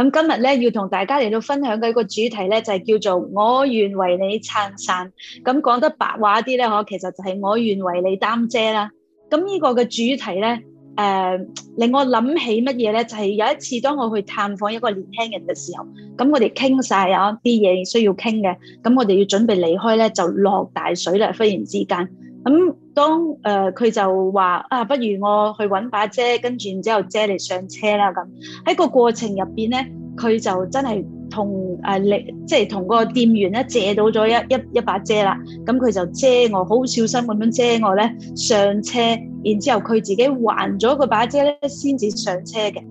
咁今日咧要同大家嚟到分享嘅一個主題咧就係、是、叫做我願為你撐傘，咁講得白話啲咧，我其實就係我願為你擔遮啦。咁呢個嘅主題咧，誒、呃，令我諗起乜嘢咧？就係、是、有一次當我去探訪一個年輕人嘅時候，咁我哋傾晒一啲嘢需要傾嘅，咁我哋要準備離開咧，就落大水啦，忽然之間。咁當誒佢就話啊，不如我去搵把遮，跟住然之後遮你上車啦。咁喺個過程入邊咧，佢就真係同誒力，即係同個店員咧借到咗一一一把遮啦。咁佢就遮我，好小心咁樣遮我咧上車，然之後佢自己還咗個把遮咧先至上車嘅。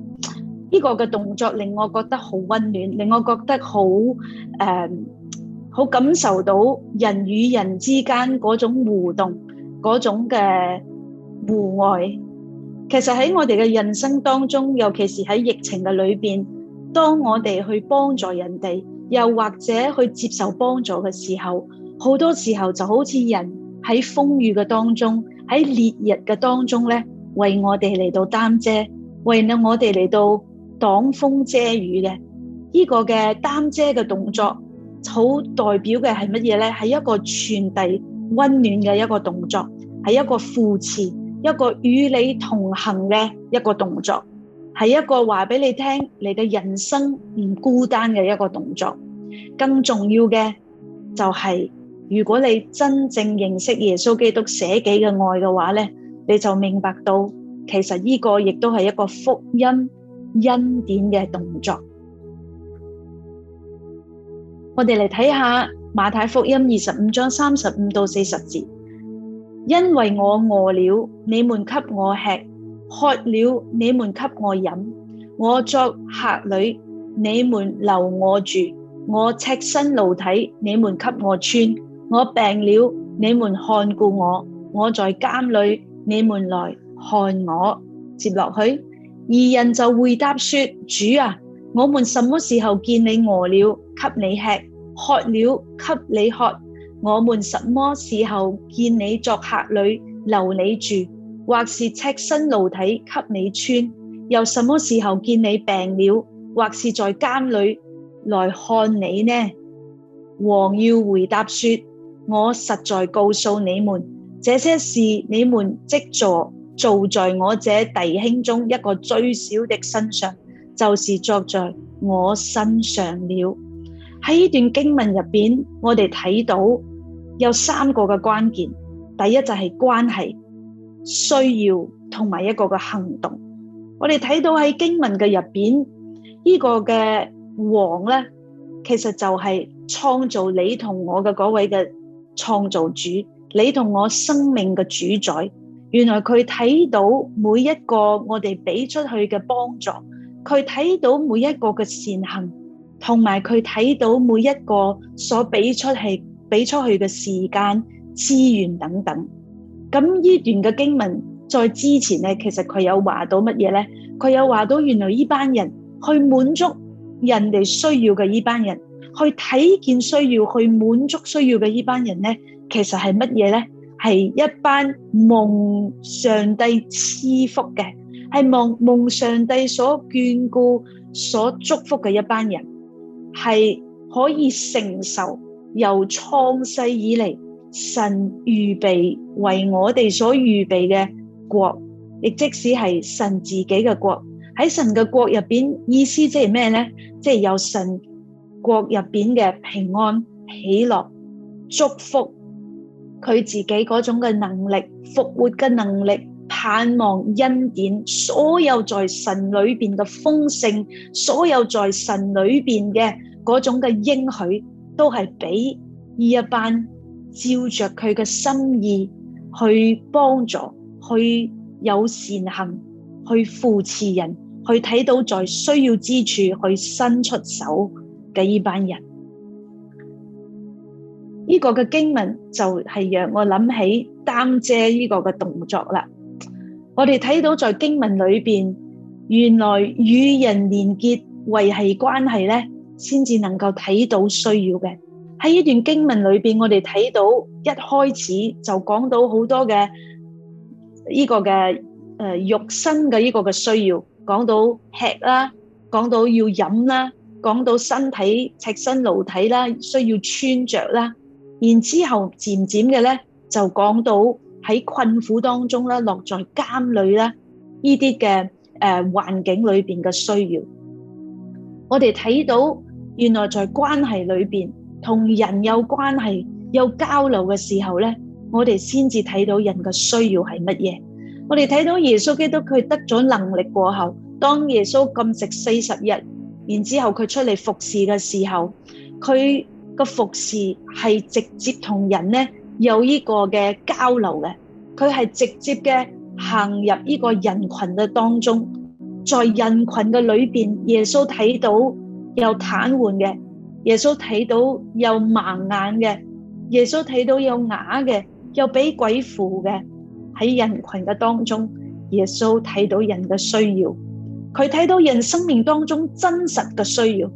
呢個嘅動作令我覺得好温暖，令我覺得好誒，好感受到人與人之間嗰種互動。嗰種嘅戶外，其實喺我哋嘅人生當中，尤其是喺疫情嘅裏邊，當我哋去幫助人哋，又或者去接受幫助嘅時候，好多時候就好似人喺風雨嘅當中，喺烈日嘅當中咧，為我哋嚟到擔遮，為咧我哋嚟到擋風遮雨嘅。呢個嘅擔遮嘅動作，好代表嘅係乜嘢咧？係一個傳遞温暖嘅一個動作。係一個扶持，一個與你同行嘅一個動作，係一個話俾你聽，你嘅人生唔孤單嘅一個動作。更重要嘅就係，如果你真正認識耶穌基督捨己嘅愛嘅話咧，你就明白到，其實呢個亦都係一個福音恩典嘅動作。我哋嚟睇下馬太福音二十五章三十五到四十節。因為我餓了，你們給我吃；喝了，你們給我飲。我作客旅，你們留我住。我赤身露體，你們給我穿。我病了，你們看顧我。我在監裏，你們來看我。接落去，二人就回答說：主啊，我們什麼時候見你餓了，給你吃；喝了，給你喝？我們什麼時候見你作客旅留你住，或是赤身露體給你穿？又什麼時候見你病了，或是在監裏來看你呢？王要回答說：我實在告訴你們，這些事你們既做做在我這弟兄中一個最小的身上，就是作在我身上了。喺呢段經文入邊，我哋睇到。有三個嘅關鍵，第一就係關係、需要同埋一個嘅行動。我哋睇到喺經文嘅入邊，這個、的呢個嘅王咧，其實就係創造你同我嘅嗰位嘅創造主，你同我生命嘅主宰。原來佢睇到每一個我哋俾出去嘅幫助，佢睇到每一個嘅善行，同埋佢睇到每一個所俾出去俾出去嘅時間、資源等等，咁呢段嘅經文在之前咧，其實佢有話到乜嘢咧？佢有話到原來呢班人去滿足人哋需要嘅呢班人，去睇見需要去滿足需要嘅呢班人咧，其實係乜嘢咧？係一班蒙上帝賜福嘅，係蒙蒙上帝所眷顧、所祝福嘅一班人，係可以承受。由創世以嚟，神預備為我哋所預備嘅國，亦即使係神自己嘅國。喺神嘅國入邊，意思即係咩咧？即係有神國入邊嘅平安、喜樂、祝福，佢自己嗰種嘅能力、復活嘅能力、盼望、恩典，所有在神裏邊嘅豐盛，所有在神裏邊嘅嗰種嘅應許。都係俾呢一班照着佢嘅心意去幫助、去有善行、去扶持人、去睇到在需要之處去伸出手嘅呢班人。呢個嘅經文就係讓我諗起擔遮呢個嘅動作啦。我哋睇到在經文裏邊，原來與人連結維繫關係咧，先至能夠睇到需要嘅。喺一段經文裏邊，我哋睇到一開始就講到好多嘅呢、這個嘅誒、呃、肉身嘅呢個嘅需要，講到吃啦，講到要飲啦，講到身體赤身露體啦，需要穿着啦，然之後漸漸嘅咧就講到喺困苦當中啦，落在監裏啦呢啲嘅誒環境裏邊嘅需要，我哋睇到。原來在關係裏邊，同人有關係、有交流嘅時候咧，我哋先至睇到人嘅需要係乜嘢。我哋睇到耶穌基督佢得咗能力過後，當耶穌禁食四十日，然之後佢出嚟服侍嘅時候，佢個服侍係直接同人咧有呢個嘅交流嘅。佢係直接嘅行入呢個人群嘅當中，在人群嘅裏邊，耶穌睇到。又癱瘓嘅，耶穌睇到又盲眼嘅，耶穌睇到又啞嘅，又俾鬼附嘅，喺人群嘅當中，耶穌睇到人嘅需要，佢睇到人生命當中真實嘅需要，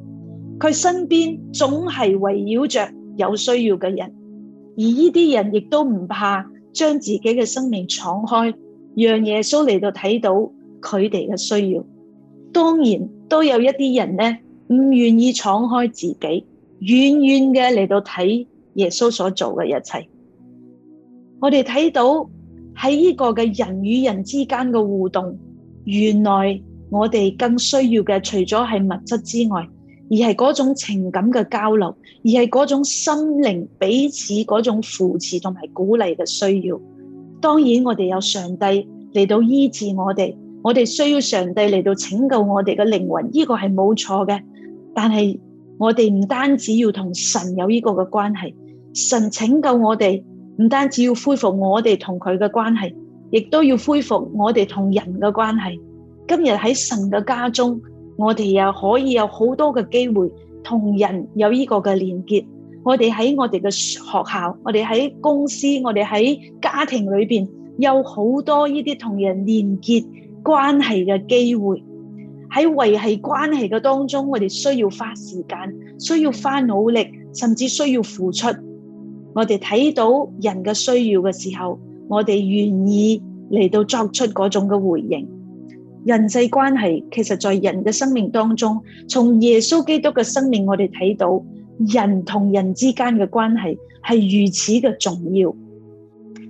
佢身邊總係圍繞着有需要嘅人，而呢啲人亦都唔怕將自己嘅生命敞開，讓耶穌嚟到睇到佢哋嘅需要。當然，都有一啲人咧。唔願意敞開自己，遠遠嘅嚟到睇耶穌所做嘅一切。我哋睇到喺呢個嘅人與人之間嘅互動，原來我哋更需要嘅除咗係物質之外，而係嗰種情感嘅交流，而係嗰種心靈彼此嗰種扶持同埋鼓勵嘅需要。當然，我哋有上帝嚟到醫治我哋，我哋需要上帝嚟到拯救我哋嘅靈魂。呢個係冇錯嘅。但係我哋唔單止要同神有呢個嘅關係，神拯救我哋，唔單止要恢復我哋同佢嘅關係，亦都要恢復我哋同人嘅關係。今日喺神嘅家中，我哋又可以有好多嘅機會同人有呢個嘅連結。我哋喺我哋嘅學校，我哋喺公司，我哋喺家庭裏面，有好多呢啲同人連結關係嘅機會。喺維繫關係嘅當中，我哋需要花時間，需要花努力，甚至需要付出。我哋睇到人嘅需要嘅時候，我哋願意嚟到作出嗰種嘅回應。人際關係其實，在人嘅生命當中，從耶穌基督嘅生命我到，我哋睇到人同人之間嘅關係係如此嘅重要。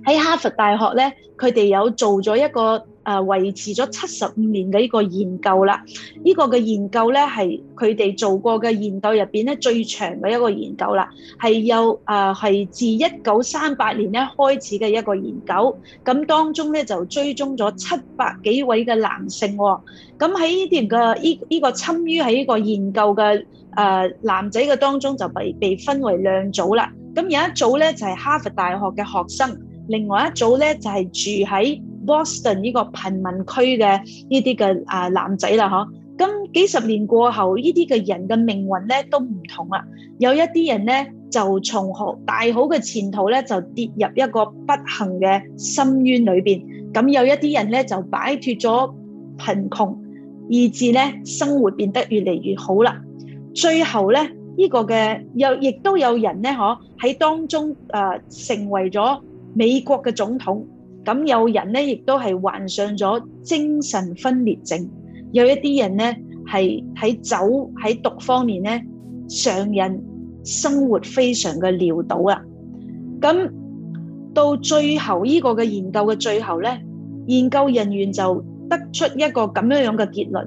喺哈佛大學咧，佢哋有做咗一個。誒維持咗七十五年嘅呢個研究啦，呢個嘅研究咧係佢哋做過嘅研究入邊咧最長嘅一個研究啦，係由，誒係自一九三八年咧開始嘅一個研究。咁當中咧就追蹤咗七百幾位嘅男性在、這個，咁喺呢段嘅呢呢個參與喺呢個研究嘅誒男仔嘅當中就被被分為兩組啦，咁有一組咧就係哈佛大學嘅學生，另外一組咧就係住喺 Boston 呢個貧民區嘅呢啲嘅啊男仔啦，嗬，咁幾十年過後，呢啲嘅人嘅命運咧都唔同啦。有一啲人咧就從好大好嘅前途咧就跌入一個不幸嘅深淵裏邊，咁有一啲人咧就擺脱咗貧窮，以至咧生活變得越嚟越好啦。最後咧呢、呢個嘅又亦都有人咧，嗬喺當中啊、呃、成為咗美國嘅總統。咁有人咧，亦都係患上咗精神分裂症；有一啲人咧，係喺酒喺毒方面咧上癮，常人生活非常嘅潦倒啦。咁到最後，呢個嘅研究嘅最後咧，研究人員就得出一個咁樣樣嘅結論。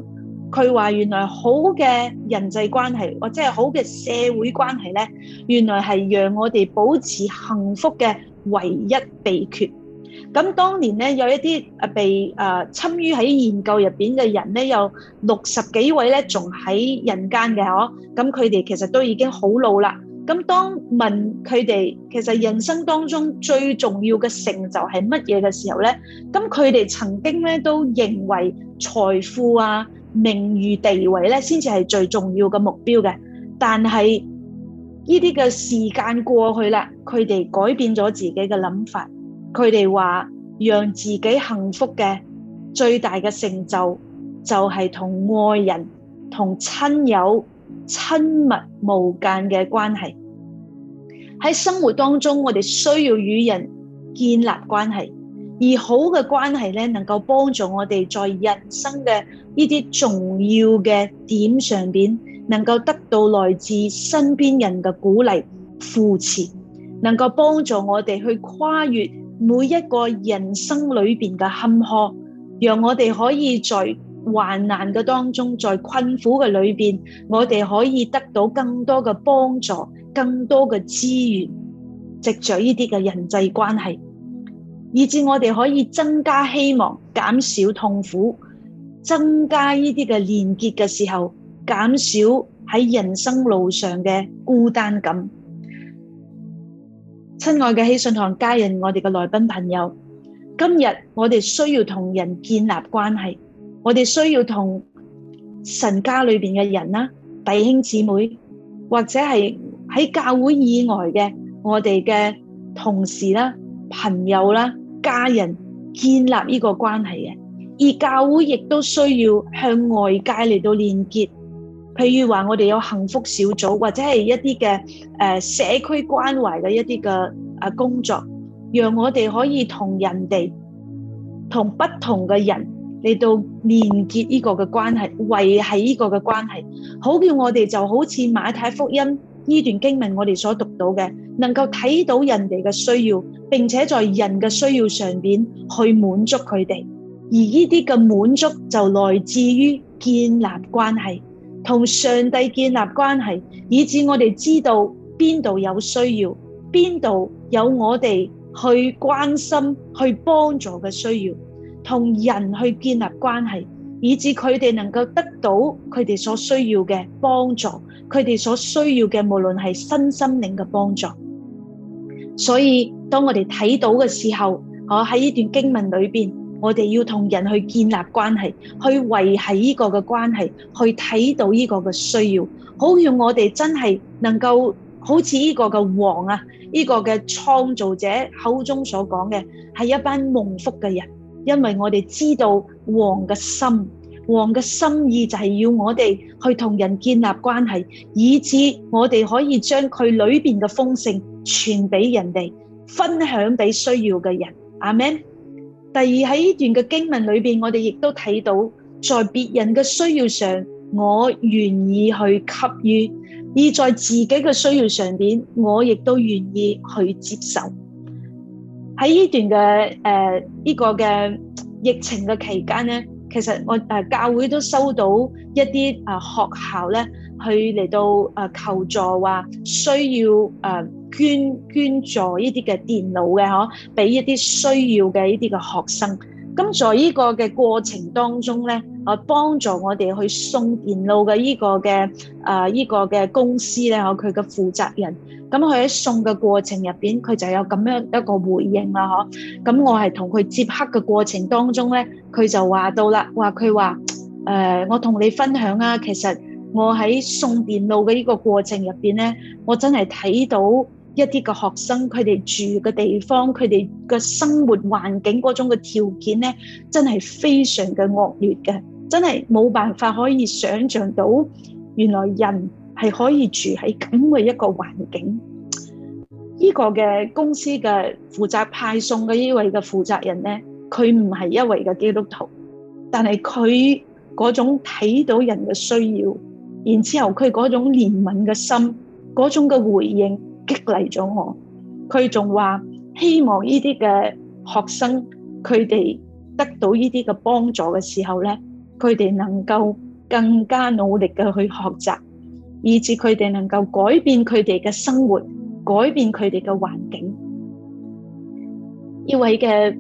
佢話：原來好嘅人際關係，或者係好嘅社會關係咧，原來係讓我哋保持幸福嘅唯一秘訣。咁當年咧，有一啲啊被啊、呃、參與喺研究入邊嘅人咧，有六十幾位咧，仲喺人間嘅嗬、哦。咁佢哋其實都已經好老啦。咁當問佢哋其實人生當中最重要嘅成就係乜嘢嘅時候咧，咁佢哋曾經咧都認為財富啊、名譽地位咧先至係最重要嘅目標嘅。但係呢啲嘅時間過去啦，佢哋改變咗自己嘅諗法。佢哋話，讓自己幸福嘅最大嘅成就，就係同愛人、同親友親密無間嘅關係。喺生活當中，我哋需要與人建立關係，而好嘅關係咧，能夠幫助我哋在人生嘅呢啲重要嘅點上面，能夠得到來自身邊人嘅鼓勵、扶持，能夠幫助我哋去跨越。每一個人生裏邊嘅坎坷，讓我哋可以在患難嘅當中，在困苦嘅裏邊，我哋可以得到更多嘅幫助，更多嘅資源，藉着呢啲嘅人際關係，以至我哋可以增加希望，減少痛苦，增加呢啲嘅連結嘅時候，減少喺人生路上嘅孤單感。親愛嘅希信堂家人，我哋嘅來賓朋友，今日我哋需要同人建立關係，我哋需要同神家裏邊嘅人啦、弟兄姊妹，或者係喺教會以外嘅我哋嘅同事啦、朋友啦、家人建立呢個關係嘅，而教會亦都需要向外界嚟到連結。譬如話我哋有幸福小組，或者係一啲嘅誒，社區關懷嘅一啲嘅誒，工作，讓我哋可以同人哋同不同嘅人嚟到連結呢個嘅關係，維繫呢個嘅關係，好叫我哋就好似馬太福音呢段經文我哋所讀到嘅，能夠睇到人哋嘅需要，並且在人嘅需要上面去滿足佢哋，而呢啲嘅滿足就來自於建立關係。同上帝建立關係，以致我哋知道邊度有需要，邊度有我哋去關心、去幫助嘅需要。同人去建立關係，以致佢哋能夠得到佢哋所需要嘅幫助，佢哋所需要嘅無論係身心靈嘅幫助。所以當我哋睇到嘅時候，我喺呢段經文裏邊。我哋要同人去建立關係，去維繫呢個嘅關係，去睇到呢個嘅需要，好似我哋真係能夠好似呢個嘅王啊，呢個嘅創造者口中所講嘅，係一班蒙福嘅人，因為我哋知道王嘅心，王嘅心意就係要我哋去同人建立關係，以至我哋可以將佢裏邊嘅豐盛傳俾人哋，分享俾需要嘅人。阿 Man。第二，喺呢段嘅經文裏邊，我哋亦都睇到，在別人嘅需要上，我願意去給予；而在自己嘅需要上邊，我亦都願意去接受。喺呢段嘅誒呢個嘅疫情嘅期間呢。其實我誒、啊、教會都收到一啲誒、啊、學校咧，去嚟到誒、啊、求助話、啊啊、需要誒捐捐助呢啲嘅電腦嘅嗬，俾一啲需要嘅呢啲嘅學生。咁在呢個嘅過程當中咧。我幫助我哋去送電路嘅呢個嘅，誒、呃、依、呢個嘅公司咧，佢嘅負責人，咁佢喺送嘅過程入邊，佢就有咁樣一個回應啦，嗬。咁我係同佢接洽嘅過程當中咧，佢就話到啦，話佢話誒，我同你分享啊，其實我喺送電路嘅呢個過程入邊咧，我真係睇到一啲嘅學生佢哋住嘅地方，佢哋嘅生活環境嗰種嘅條件咧，真係非常嘅惡劣嘅。真係冇辦法可以想像到，原來人係可以住喺咁嘅一個環境。呢個嘅公司嘅負責派送嘅呢位嘅負責人咧，佢唔係一位嘅基督徒，但係佢嗰種睇到人嘅需要，然之後佢嗰種憐憫嘅心，嗰種嘅回應激勵咗我。佢仲話希望呢啲嘅學生佢哋得到呢啲嘅幫助嘅時候咧。佢哋能夠更加努力嘅去學習，以至佢哋能夠改變佢哋嘅生活，改變佢哋嘅環境。呢位嘅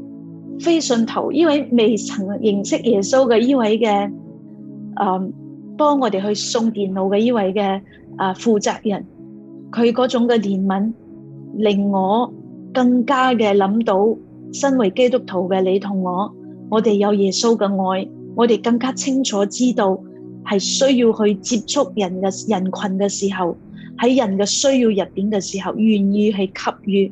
非信徒，呢位未曾認識耶穌嘅呢位嘅，誒，幫我哋去送電腦嘅呢位嘅，誒，負責人，佢嗰種嘅憐憫，令我更加嘅諗到，身為基督徒嘅你同我，我哋有耶穌嘅愛。我哋更加清楚知道係需要去接觸人嘅人群嘅時候，喺人嘅需要入邊嘅時候，願意去給予。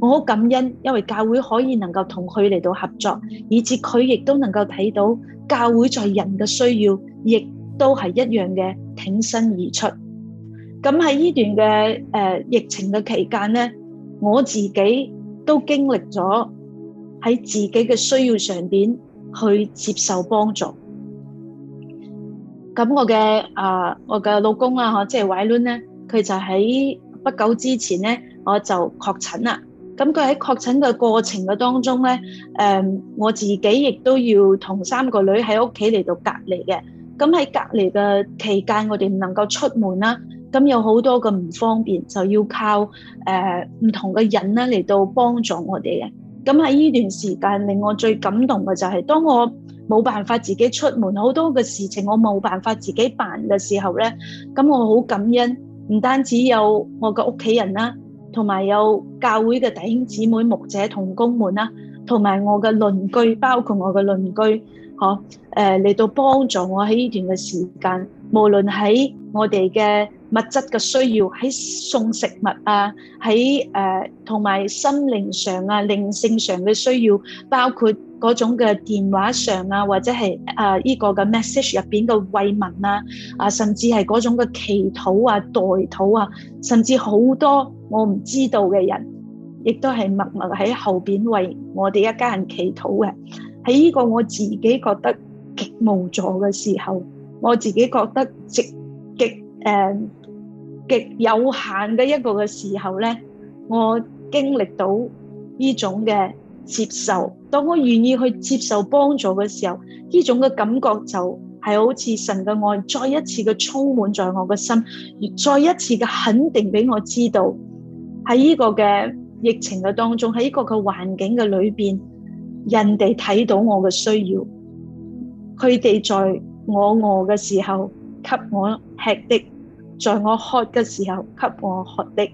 我好感恩，因為教會可以能夠同佢嚟到合作，以至佢亦都能夠睇到教會在人嘅需要，亦都係一樣嘅挺身而出。咁喺呢段嘅誒、呃、疫情嘅期間咧，我自己都經歷咗喺自己嘅需要上邊去接受幫助。咁我嘅啊，我嘅老公啦，呵，即係韋倫咧，佢就喺不久之前咧，我就確診啦。咁佢喺確診嘅過程嘅當中咧，誒，我自己亦都要同三個女喺屋企嚟到隔離嘅。咁喺隔離嘅期間，我哋唔能夠出門啦。咁有好多嘅唔方便，就要靠誒唔同嘅人咧嚟到幫助我哋嘅。咁喺呢段時間令我最感動嘅就係、是，當我冇辦法自己出門，好多嘅事情我冇辦法自己辦嘅時候咧，咁我好感恩，唔單止有我嘅屋企人啦，同埋有教會嘅弟兄姊妹、牧者同工們啦，同埋我嘅鄰居，包括我嘅鄰居，嗬、啊，誒、呃、嚟到幫助我喺呢段嘅時間，無論喺我哋嘅物質嘅需要喺送食物啊，喺誒同埋心靈上啊、靈性上嘅需要，包括嗰種嘅電話上啊，或者係誒呢個嘅 message 入邊嘅慰問啊，啊甚至係嗰種嘅祈禱啊、代禱啊，甚至好、啊啊、多我唔知道嘅人，亦都係默默喺後邊為我哋一家人祈禱嘅。喺呢個我自己覺得極無助嘅時候，我自己覺得極極誒。呃極有限嘅一個嘅時候咧，我經歷到呢種嘅接受。當我願意去接受幫助嘅時候，呢種嘅感覺就係好似神嘅愛再一次嘅充滿在我嘅心，而再一次嘅肯定俾我知道，喺呢個嘅疫情嘅當中，喺呢個嘅環境嘅裏邊，人哋睇到我嘅需要，佢哋在我餓嘅時候給我吃的。在我渴嘅時候，給我喝的；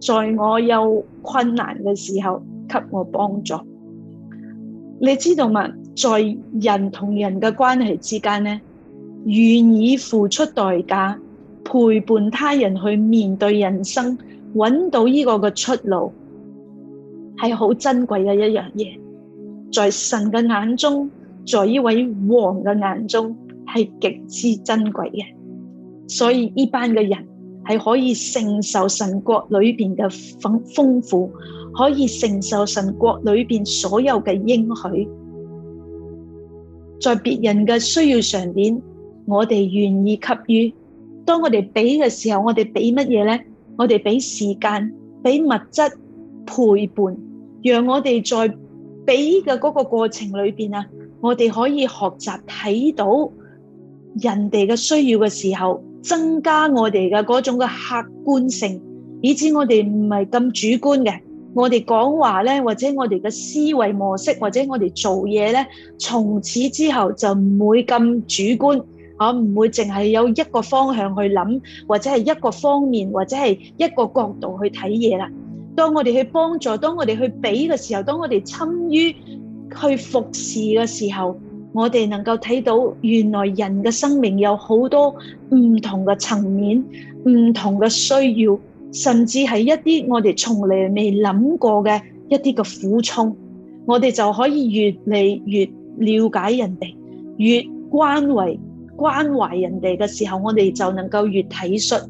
在我有困難嘅時候，給我幫助。你知道嘛？在人同人嘅關係之間呢，願意付出代價，陪伴他人去面對人生，揾到呢個嘅出路，係好珍貴嘅一樣嘢。在神嘅眼中，在呢位王嘅眼中，係極之珍貴嘅。所以呢班嘅人係可以承受神國裏邊嘅豐豐富，可以承受神國裏邊所有嘅應許。在別人嘅需要上邊，我哋願意給予。當我哋俾嘅時候，我哋俾乜嘢呢？我哋俾時間、俾物質、陪伴，讓我哋在俾嘅嗰個過程裏邊啊，我哋可以學習睇到人哋嘅需要嘅時候。增加我哋嘅嗰種嘅客觀性，以至我哋唔係咁主觀嘅。我哋講話咧，或者我哋嘅思維模式，或者我哋做嘢咧，從此之後就唔會咁主觀，啊，唔會淨係有一個方向去諗或者係一個方面，或者係一個角度去睇嘢啦。當我哋去幫助，當我哋去俾嘅時候，當我哋參與去服侍嘅時候，我哋能夠睇到原來人嘅生命有好多唔同嘅層面、唔同嘅需要，甚至係一啲我哋從來未諗過嘅一啲嘅苦衷，我哋就可以越嚟越了解人哋，越關懷關懷人哋嘅時候，我哋就能夠越體恤，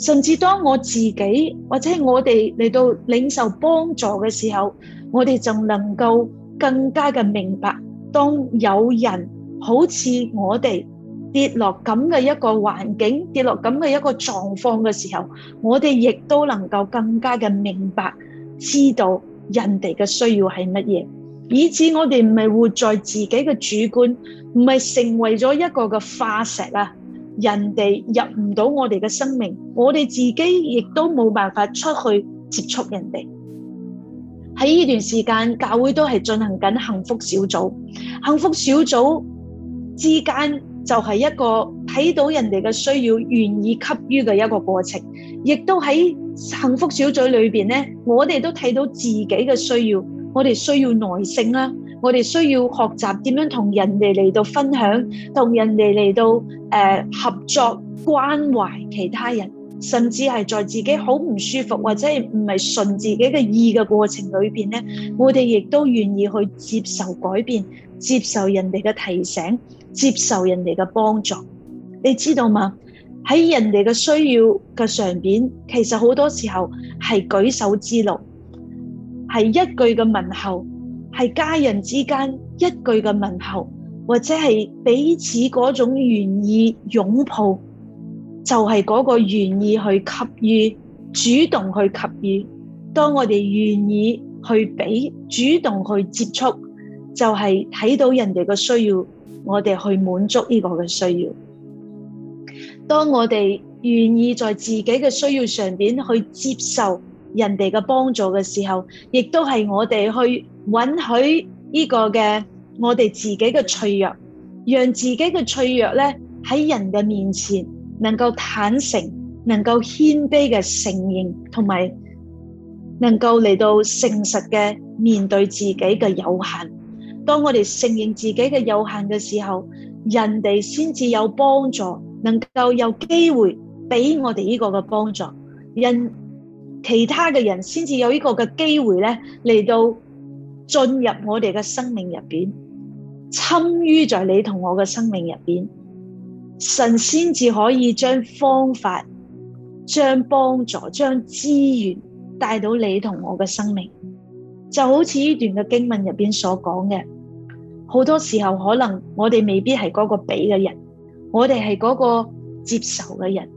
甚至當我自己或者我哋嚟到領受幫助嘅時候，我哋就能夠更加嘅明白。當有人好似我哋跌落咁嘅一個環境，跌落咁嘅一個狀況嘅時候，我哋亦都能夠更加嘅明白，知道人哋嘅需要係乜嘢，以至我哋唔係活在自己嘅主觀，唔係成為咗一個嘅化石啦，人哋入唔到我哋嘅生命，我哋自己亦都冇辦法出去接觸人哋。喺呢段時間，教會都係進行緊幸福小組。幸福小組之間就係一個睇到人哋嘅需要，願意給予嘅一個過程。亦都喺幸福小組裏邊咧，我哋都睇到自己嘅需要。我哋需要耐性啦，我哋需要學習點樣同人哋嚟到分享，同人哋嚟到誒合作，關懷其他人。甚至係在自己好唔舒服或者係唔係順自己嘅意嘅過程裏面，咧，我哋亦都願意去接受改變，接受人哋嘅提醒，接受人哋嘅幫助。你知道嗎？喺人哋嘅需要嘅上面，其實好多時候係舉手之勞，係一句嘅問候，係家人之間一句嘅問候，或者係彼此嗰種願意擁抱。就係嗰個願意去給予，主動去給予。當我哋願意去俾，主動去接觸，就係睇到人哋嘅需要，我哋去滿足呢個嘅需要。當我哋願意在自己嘅需要上邊去接受人哋嘅幫助嘅時候，亦都係我哋去允許呢個嘅我哋自己嘅脆弱，讓自己嘅脆弱咧喺人嘅面前。能夠坦誠、能夠謙卑嘅承認，同埋能夠嚟到誠實嘅面對自己嘅有限。當我哋承認自己嘅有限嘅時候，人哋先至有幫助，能夠有機會俾我哋呢個嘅幫助，人，其他嘅人先至有呢個嘅機會咧嚟到進入我哋嘅生命入邊，參與在你同我嘅生命入邊。神先至可以將方法、將幫助、將資源帶到你同我嘅生命，就好似呢段嘅經文入邊所講嘅。好多時候可能我哋未必係嗰個俾嘅人，我哋係嗰個接受嘅人。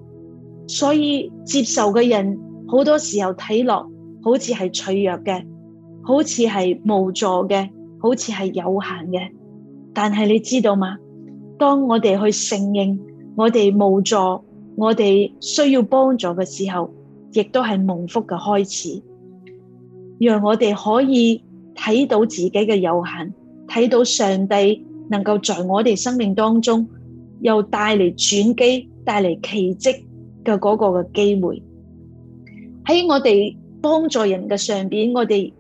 所以接受嘅人好多時候睇落好似係脆弱嘅，好似係無助嘅，好似係有限嘅。但係你知道嗎？當我哋去承認，我哋無助，我哋需要幫助嘅時候，亦都係蒙福嘅開始，讓我哋可以睇到自己嘅有限，睇到上帝能夠在我哋生命當中又帶嚟轉機、帶嚟奇蹟嘅嗰個嘅機會。喺我哋幫助人嘅上面，我哋。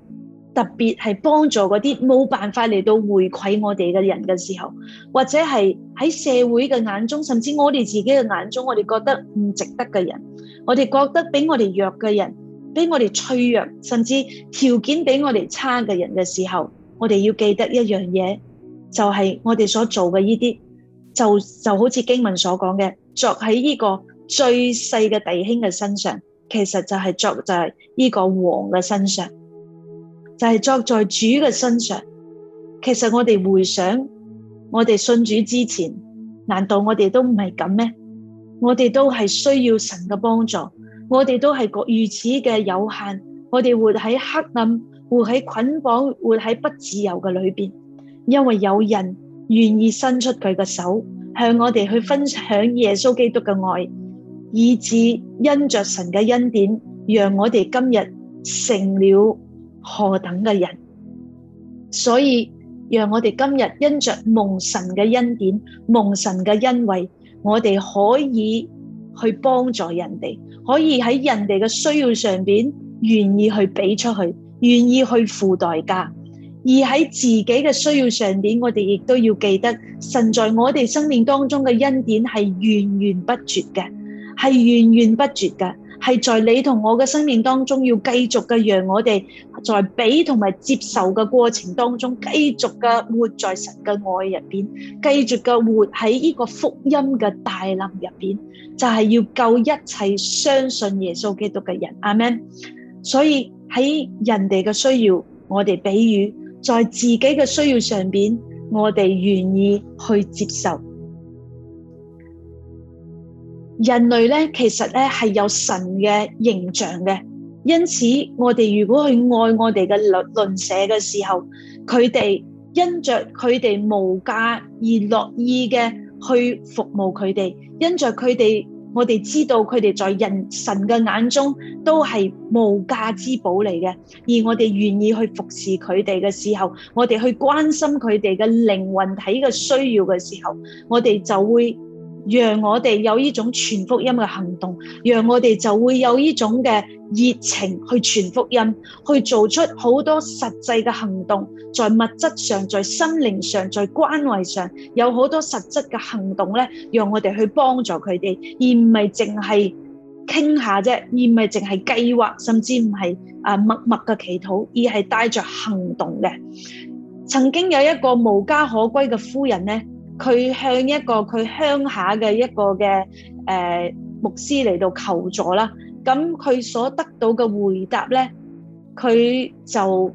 特別係幫助嗰啲冇辦法嚟到回饋我哋嘅人嘅時候，或者係喺社會嘅眼中，甚至我哋自己嘅眼中，我哋覺得唔值得嘅人，我哋覺得比我哋弱嘅人，比我哋脆弱，甚至條件比我哋差嘅人嘅時候，我哋要記得一樣嘢，就係我哋所做嘅呢啲，就就好似經文所講嘅，作喺呢個最細嘅弟兄嘅身上，其實就係作就係呢個王嘅身上。就係、是、作在主嘅身上。其實我哋回想，我哋信主之前，難道我哋都唔係咁咩？我哋都係需要神嘅幫助，我哋都係如此嘅有限，我哋活喺黑暗，活喺捆綁，活喺不自由嘅裏邊。因為有人願意伸出佢嘅手，向我哋去分享耶穌基督嘅愛，以至因着神嘅恩典，讓我哋今日成了。何等嘅人？所以讓我哋今日因着蒙神嘅恩典、蒙神嘅恩惠，我哋可以去幫助人哋，可以喺人哋嘅需要上邊願意去俾出去，願意去付代價。而喺自己嘅需要上邊，我哋亦都要記得神在我哋生命當中嘅恩典係源源不絕嘅，係源源不絕嘅。係在你同我嘅生命當中，要繼續嘅讓我哋在俾同埋接受嘅過程當中，繼續嘅活在神嘅愛入邊，繼續嘅活喺呢個福音嘅大能入邊，就係、是、要救一切相信耶穌基督嘅人。阿們，所以喺人哋嘅需要，我哋給予，在自己嘅需要上邊，我哋願意去接受。人類咧，其實咧係有神嘅形象嘅，因此我哋如果去愛我哋嘅鄰舍嘅時候，佢哋因着佢哋無價而樂意嘅去服務佢哋，因着佢哋，我哋知道佢哋在人神嘅眼中都係無價之寶嚟嘅，而我哋願意去服侍佢哋嘅時候，我哋去關心佢哋嘅靈魂體嘅需要嘅時候，我哋就會。讓我哋有呢種傳福音嘅行動，讓我哋就會有呢種嘅熱情去傳福音，去做出好多實際嘅行動，在物質上、在心靈上、在關懷上，有好多實質嘅行動咧，讓我哋去幫助佢哋，而唔係淨係傾下啫，而唔係淨係計劃，甚至唔係啊默默嘅祈禱，而係帶着行動嘅。曾經有一個無家可歸嘅夫人咧。佢向一個佢鄉下嘅一個嘅誒牧師嚟到求助啦，咁佢所得到嘅回答咧，佢就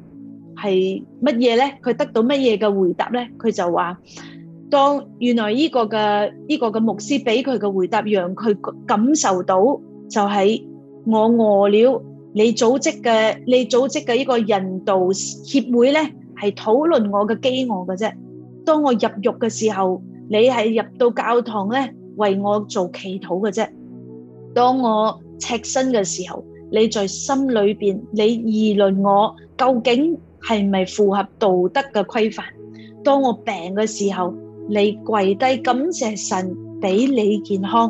係乜嘢咧？佢得到乜嘢嘅回答咧？佢就話：當原來依個嘅依個嘅牧師俾佢嘅回答，讓佢感受到就係我餓了，你組織嘅你組織嘅依個人道協會咧，係討論我嘅飢餓嘅啫。當我入獄嘅時候，你係入到教堂呢為我做祈禱嘅啫；當我赤身嘅時候，你在心裏邊你議論我究竟係唔係符合道德嘅規範；當我病嘅時候，你跪低感謝神俾你健康；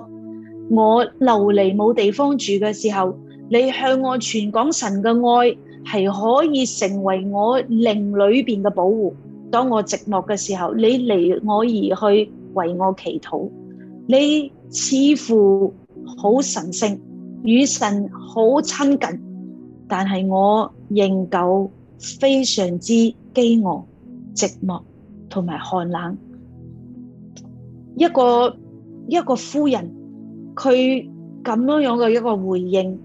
我流離冇地方住嘅時候，你向我傳講神嘅愛係可以成為我靈裏面嘅保護。當我寂寞嘅時候，你離我而去為我祈禱，你似乎好神聖與神好親近，但係我仍舊非常之飢餓、寂寞同埋寒冷。一個一個夫人，佢咁樣樣嘅一個回應，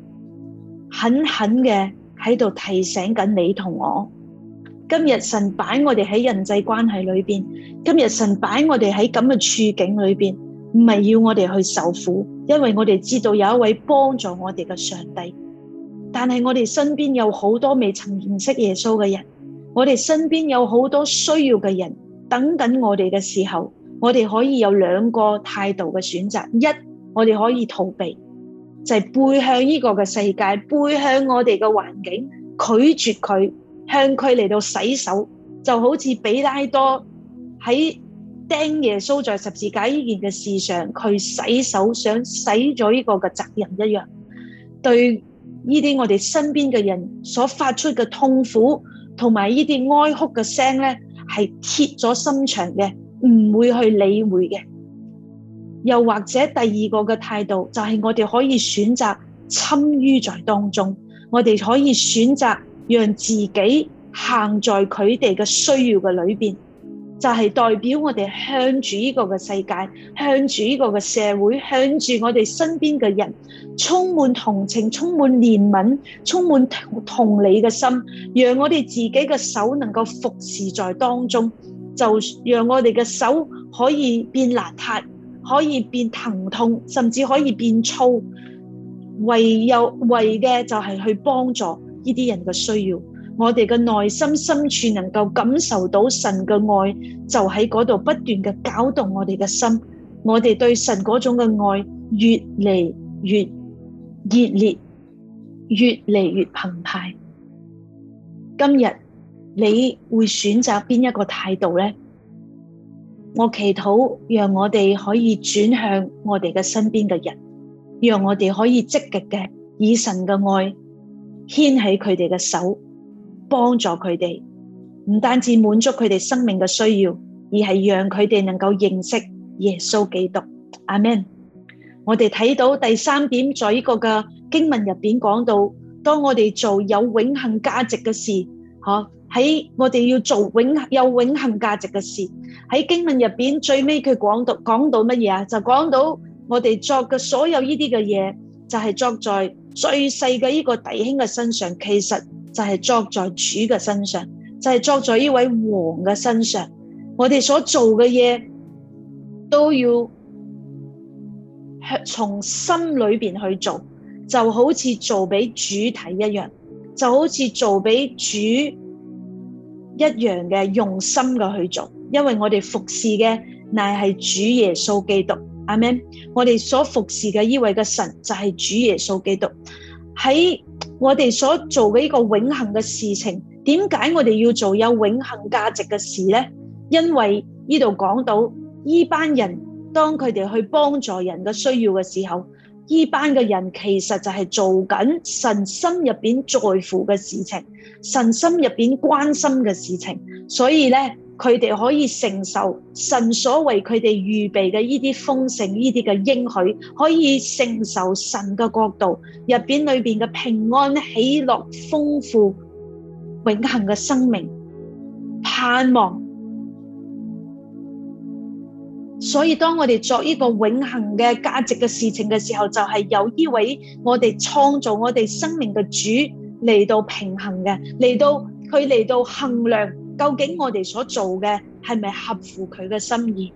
狠狠嘅喺度提醒緊你同我。今日神擺我哋喺人際關係裏邊，今日神擺我哋喺咁嘅處境裏邊，唔係要我哋去受苦，因為我哋知道有一位幫助我哋嘅上帝。但係我哋身邊有好多未曾認識耶穌嘅人，我哋身邊有好多需要嘅人，等緊我哋嘅時候，我哋可以有兩個態度嘅選擇：一，我哋可以逃避，就係背向呢個嘅世界，背向我哋嘅環境，拒絕佢。向佢嚟到洗手，就好似比拉多喺釘耶穌在十字架呢件嘅事上，佢洗手想洗咗呢個嘅責任一樣。對呢啲我哋身邊嘅人所發出嘅痛苦同埋呢啲哀哭嘅聲咧，係鐵咗心腸嘅，唔會去理會嘅。又或者第二個嘅態度，就係、是、我哋可以選擇侵於在當中，我哋可以選擇。讓自己行在佢哋嘅需要嘅裏邊，就係代表我哋向住呢個嘅世界，向住呢個嘅社會，向住我哋身邊嘅人，充滿同情、充滿憐憫、充滿同理嘅心。讓我哋自己嘅手能夠服侍在當中，就讓我哋嘅手可以變邋遢，可以變疼痛，甚至可以變粗。唯有為嘅就係去幫助。呢啲人嘅需要，我哋嘅內心深處能夠感受到神嘅愛，就喺嗰度不斷嘅攪動我哋嘅心，我哋對神嗰種嘅愛越嚟越熱烈，越嚟越澎湃。今日你會選擇邊一個態度咧？我祈禱讓我哋可以轉向我哋嘅身邊嘅人，讓我哋可以積極嘅以神嘅愛。牽起佢哋嘅手，幫助佢哋，唔單止滿足佢哋生命嘅需要，而係讓佢哋能夠認識耶穌基督。阿門。我哋睇到第三點，在呢個嘅經文入邊講到，當我哋做有永恆價值嘅事，吓，喺我哋要做永有永恆價值嘅事，喺經文入邊最尾佢講到講到乜嘢啊？就講到我哋作嘅所有呢啲嘅嘢，就係作在。最細嘅呢個弟兄嘅身上，其實就係作在主嘅身上，就係作在呢位王嘅身上。我哋所做嘅嘢都要從心裏邊去做，就好似做俾主體一樣，就好似做俾主一樣嘅用心嘅去做，因為我哋服侍嘅乃係主耶穌基督。阿們，我哋所服侍嘅呢位嘅神就係主耶穌基督。喺我哋所做嘅呢個永恆嘅事情，點解我哋要做有永恆價值嘅事咧？因為呢度講到呢班人，當佢哋去幫助人嘅需要嘅時候，呢班嘅人其實就係做緊神心入邊在乎嘅事情，神心入邊關心嘅事情，所以咧。佢哋可以承受神所為佢哋預備嘅呢啲豐盛、呢啲嘅應許，可以承受神嘅國度入邊裏邊嘅平安、喜樂、豐富、永恒嘅生命，盼望。所以當我哋作呢個永恒嘅價值嘅事情嘅時候，就係由呢位我哋創造我哋生命嘅主嚟到平衡嘅，嚟到佢嚟到衡量。究竟我哋所做嘅係咪合乎佢嘅心意？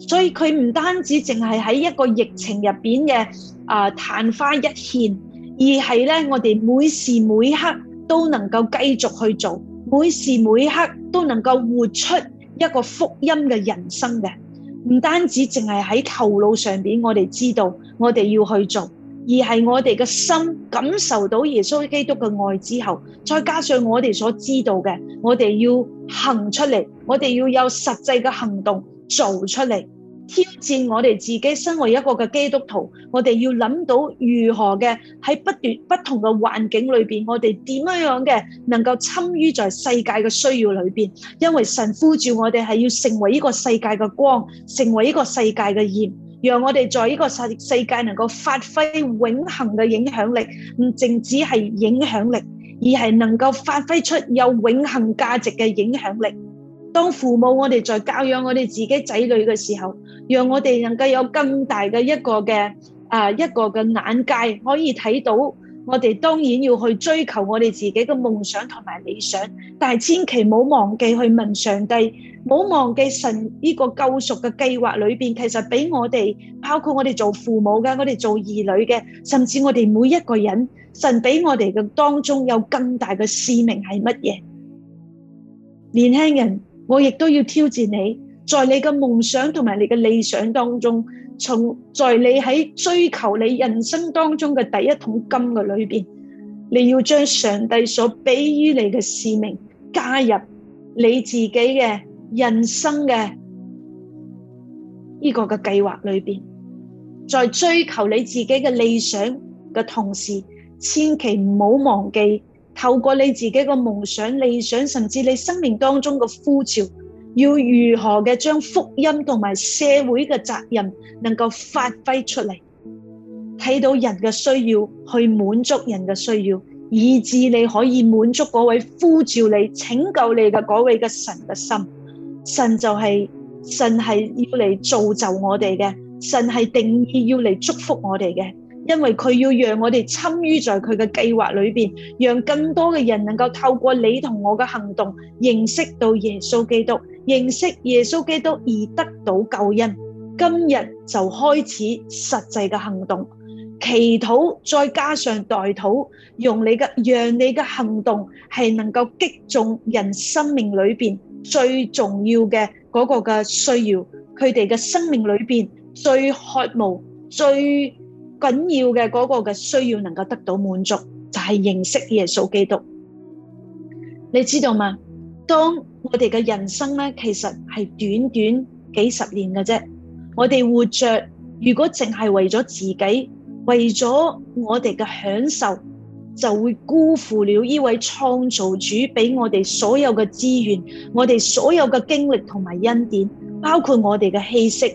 所以佢唔單止淨係喺一個疫情入邊嘅啊曇花一現，而係咧我哋每時每刻都能夠繼續去做，每時每刻都能夠活出一個福音嘅人生嘅。唔單止淨係喺頭腦上邊，我哋知道我哋要去做。而係我哋嘅心感受到耶穌基督嘅愛之後，再加上我哋所知道嘅，我哋要行出嚟，我哋要有實際嘅行動做出嚟，挑戰我哋自己身為一個嘅基督徒，我哋要諗到如何嘅喺不斷不同嘅環境裏邊，我哋點樣樣嘅能夠參與在世界嘅需要裏邊，因為神呼召我哋係要成為呢個世界嘅光，成為呢個世界嘅鹽。讓我哋在呢個世世界能夠發揮永恒嘅影響力，唔淨止係影響力，而係能夠發揮出有永恒價值嘅影響力。當父母我哋在教養我哋自己仔女嘅時候，讓我哋能夠有更大嘅一個嘅啊一個嘅眼界，可以睇到。我哋當然要去追求我哋自己嘅夢想同埋理想，但係千祈唔好忘記去問上帝，唔好忘記神呢個救贖嘅計劃裏邊，其實俾我哋，包括我哋做父母嘅，我哋做兒女嘅，甚至我哋每一個人，神俾我哋嘅當中有更大嘅使命係乜嘢？年輕人，我亦都要挑戰你。在你嘅夢想同埋你嘅理想當中，從在你喺追求你人生當中嘅第一桶金嘅裏邊，你要將上帝所俾予你嘅使命加入你自己嘅人生嘅呢個嘅計劃裏邊，在追求你自己嘅理想嘅同時，千祈唔好忘記透過你自己嘅夢想、理想，甚至你生命當中嘅呼召。要如何嘅將福音同埋社會嘅責任能夠發揮出嚟，睇到人嘅需要去滿足人嘅需要，以致你可以滿足嗰位呼召你、拯救你嘅嗰位嘅神嘅心。神就係神係要嚟造就我哋嘅，神係定義要嚟祝福我哋嘅。因為佢要讓我哋參與在佢嘅計劃裏邊，讓更多嘅人能夠透過你同我嘅行動，認識到耶穌基督，認識耶穌基督而得到救恩。今日就開始實際嘅行動，祈禱再加上代禱，用你嘅，讓你嘅行動係能夠擊中人生命裏邊最重要嘅嗰個嘅需要，佢哋嘅生命裏邊最渴慕、最緊要嘅嗰個嘅需要能夠得到滿足，就係、是、認識耶穌基督。你知道嗎？當我哋嘅人生呢，其實係短短幾十年嘅啫。我哋活着，如果淨係為咗自己，為咗我哋嘅享受，就會辜負了呢位創造主俾我哋所有嘅資源，我哋所有嘅經歷同埋恩典，包括我哋嘅氣息。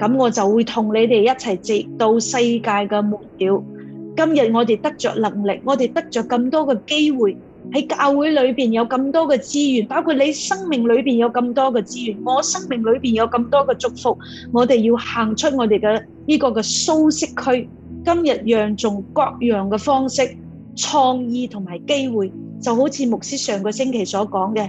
咁我就會同你哋一齊直到世界嘅末了。今日我哋得著能力，我哋得著咁多嘅機會。喺教會裏邊有咁多嘅資源，包括你生命裏邊有咁多嘅資源，我生命裏邊有咁多嘅祝福。我哋要行出我哋嘅呢個嘅舒適區。今日讓眾各樣嘅方式、創意同埋機會，就好似牧師上個星期所講嘅，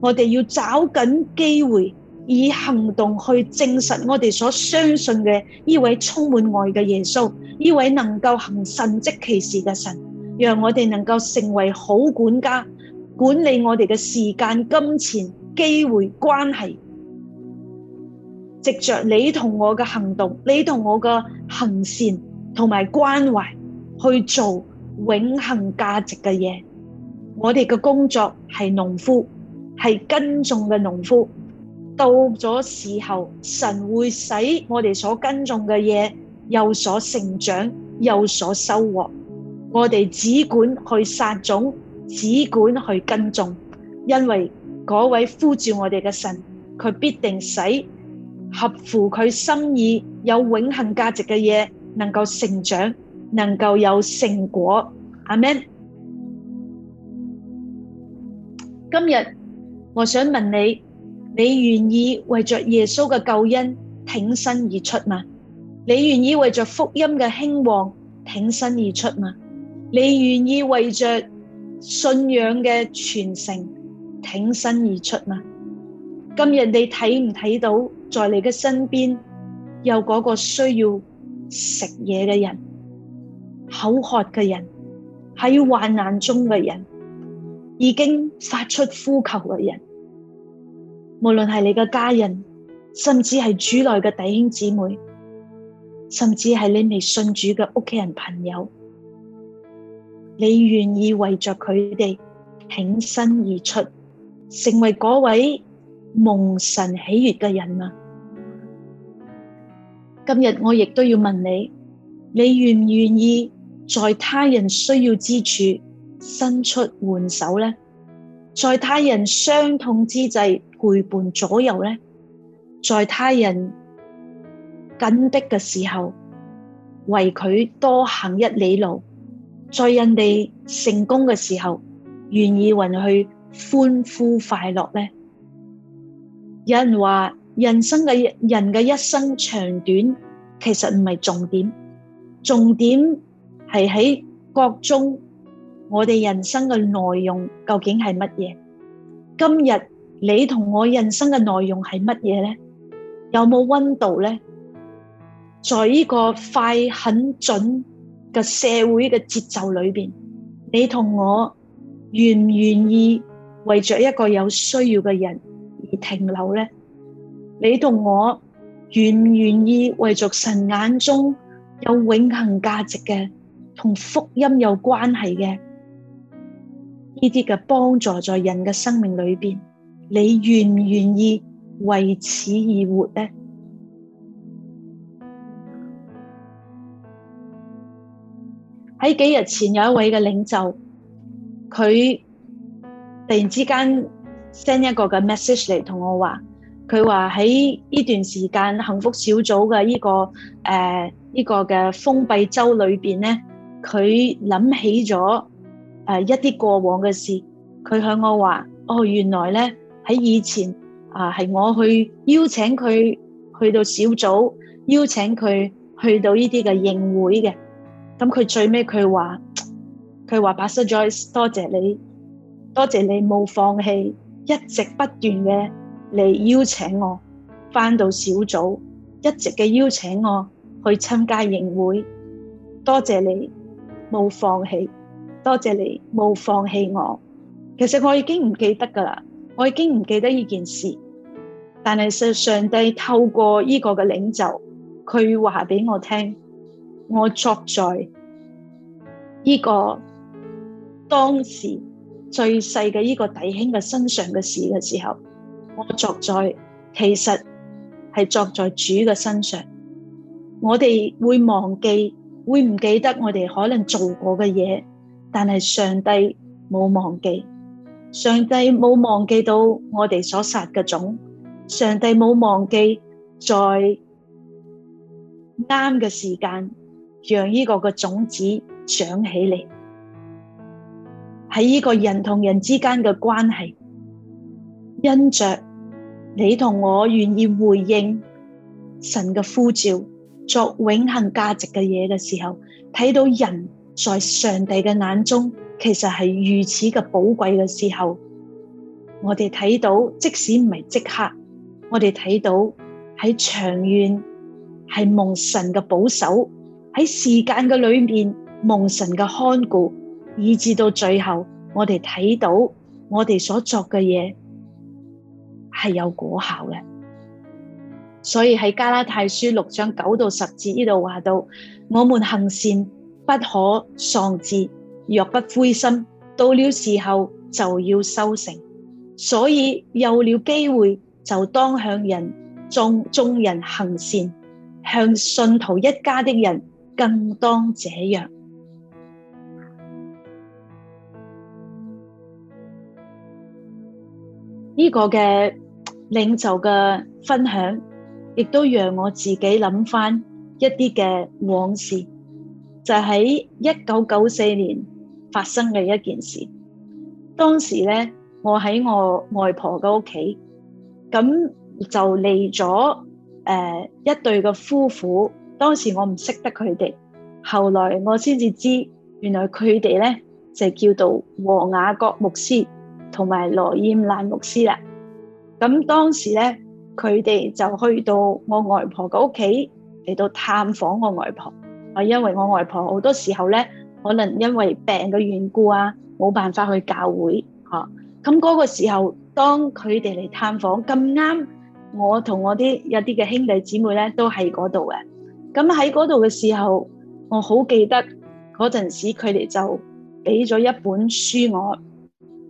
我哋要找緊機會。以行動去證實我哋所相信嘅呢位充滿愛嘅耶穌，呢位能夠行神蹟奇事嘅神，讓我哋能夠成為好管家，管理我哋嘅時間、金錢、機會、關係，藉着你同我嘅行動，你同我嘅行善同埋關懷去做永恆價值嘅嘢。我哋嘅工作係農夫，係耕種嘅農夫。到咗時候，神會使我哋所跟種嘅嘢有所成長，有所收穫。我哋只管去撒種，只管去跟種，因為嗰位呼召我哋嘅神，佢必定使合乎佢心意、有永恆價值嘅嘢能夠成長，能夠有成果。阿門。今日我想問你。你願意為着耶穌嘅救恩挺身而出嗎？你願意為着福音嘅興旺挺身而出嗎？你願意為着信仰嘅傳承挺身而出嗎？今日你睇唔睇到，在你嘅身邊有嗰個需要食嘢嘅人、口渴嘅人、喺患難中嘅人、已經發出呼求嘅人。無論係你嘅家人，甚至係主內嘅弟兄姊妹，甚至係你未信主嘅屋企人朋友，你願意為着佢哋挺身而出，成為嗰位蒙神喜悦嘅人嗎？今日我亦都要問你，你願唔願意在他人需要之處伸出援手咧？在他人傷痛之際陪伴左右咧，在他人緊迫嘅時候為佢多行一里路，在人哋成功嘅時候願意為佢歡呼快樂咧。有人話，人生嘅人嘅一生長短其實唔係重點，重點係喺箇中。我哋人生嘅內容究竟係乜嘢？今日你同我人生嘅內容係乜嘢咧？有冇溫度咧？在呢個快、很、準嘅社會嘅節奏裏邊，你同我願唔願意為着一個有需要嘅人而停留咧？你同我願唔願意為着神眼中有永恒價值嘅同福音有關係嘅？呢啲嘅幫助在人嘅生命裏邊，你願唔願意為此而活呢？喺幾日前有一位嘅領袖，佢突然之間 send 一個嘅 message 嚟同我話，佢話喺呢段時間幸福小組嘅呢個、呃呢個嘅封閉周裏面咧，佢諗起咗。誒、啊、一啲過往嘅事，佢向我話：哦，原來咧喺以前啊，係我去邀請佢去到小組，邀請佢去到呢啲嘅營會嘅。咁佢最尾佢話：佢話，Pastor Joyce，多謝你，多謝你冇放棄，一直不斷嘅嚟邀請我返到小組，一直嘅邀請我去參加營會，多謝你冇放棄。多謝你冇放棄我。其實我已經唔記得㗎喇，我已經唔記得呢件事。但係上上帝透過呢個嘅領袖，佢話俾我聽，我作在呢個當時最細嘅呢個弟兄嘅身上嘅事嘅時候，我作在其實係作在主嘅身上。我哋會忘記，會唔記得我哋可能做過嘅嘢。但係上帝冇忘記，上帝冇忘記到我哋所殺嘅種，上帝冇忘記在啱嘅時間，讓呢個嘅種子長起嚟，喺呢個人同人之間嘅關係，因着你同我願意回應神嘅呼召，作永恆價值嘅嘢嘅時候，睇到人，在上帝嘅眼中，其實係如此嘅寶貴嘅時候，我哋睇到即使唔係即刻，我哋睇到喺長遠係蒙神嘅保守，喺時間嘅裏面蒙神嘅看顧，以致到最後，我哋睇到我哋所作嘅嘢係有果效嘅。所以喺加拉太書六章九到十節呢度話到，我們行善，不可喪志，若不灰心，到了時候就要收成。所以有了機會，就當向人眾眾人行善，向信徒一家的人更當這樣。呢、這個嘅領袖嘅分享，亦都讓我自己諗返一啲嘅往事。就喺一九九四年發生嘅一件事。當時咧，我喺我外婆嘅屋企，咁就嚟咗，誒一對嘅夫婦。當時我唔識得佢哋，後來我先至知，原來佢哋咧就叫做和雅國牧師同埋羅艷蘭牧師啦。咁當時咧，佢哋就去到我外婆嘅屋企嚟到探訪我外婆。我因為我外婆好多時候咧，可能因為病嘅緣故啊，冇辦法去教會。嚇，咁嗰個時候，當佢哋嚟探訪，咁啱我同我啲有啲嘅兄弟姊妹咧，都喺嗰度嘅。咁喺嗰度嘅時候，我好記得嗰陣時，佢哋就俾咗一本書我，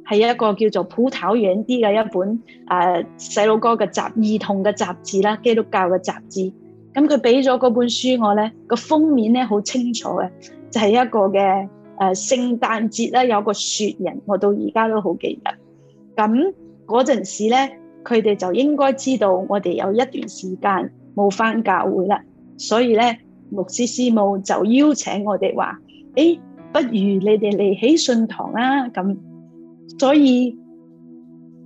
係一個叫做葡萄園啲嘅一本誒細佬哥嘅雜，兒童嘅雜誌啦，基督教嘅雜誌。咁佢俾咗嗰本書我咧，個封面咧好清楚嘅，就係、是、一個嘅誒、呃、聖誕節咧，有個雪人，我到而家都好記得。咁嗰陣時咧，佢哋就應該知道我哋有一段時間冇返教會啦，所以咧牧師師母就邀請我哋話，誒、欸，不如你哋嚟起信堂啦、啊。咁所以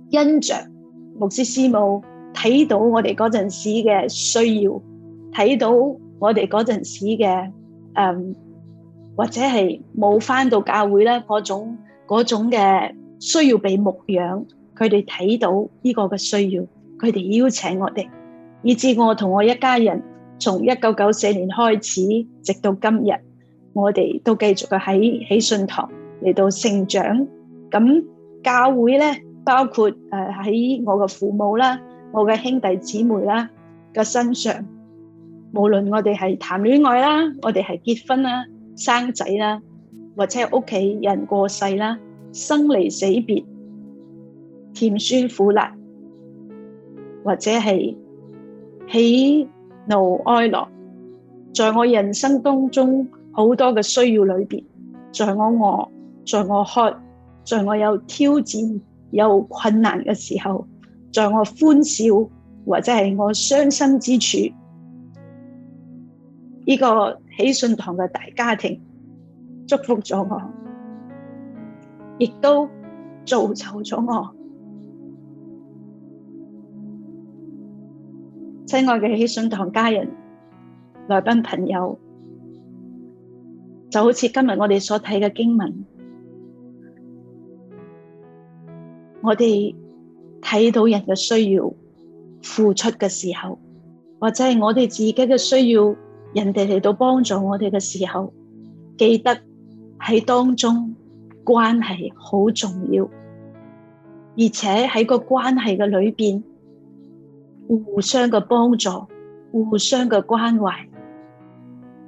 因著牧師師母睇到我哋嗰陣時嘅需要。睇到我哋嗰陣時嘅誒、嗯，或者係冇返到教會咧，嗰種嗰種嘅需要被牧養，佢哋睇到呢個嘅需要，佢哋邀請我哋，以致我同我一家人從一九九四年開始，直到今日，我哋都繼續嘅喺喺信堂嚟到成長。咁教會咧，包括誒喺我嘅父母啦、我嘅兄弟姊妹啦嘅身上。無論我哋係談戀愛啦，我哋係結婚啦、生仔啦，或者屋企人過世啦，生離死別、甜酸苦辣，或者係喜怒哀樂，在我人生當中好多嘅需要裏邊，在我餓，在我渴，在我，heart，在我有挑戰有困難嘅時候，在我歡笑或者係我傷心之處。呢、這個喜信堂嘅大家庭祝福咗我，亦都造就咗我。親愛嘅喜信堂家人、來賓朋友，就好似今日我哋所睇嘅經文，我哋睇到人嘅需要付出嘅時候，或者係我哋自己嘅需要。人哋嚟到幫助我哋嘅時候，記得喺當中關係好重要，而且喺個關係嘅裏邊，互相嘅幫助、互相嘅關懷，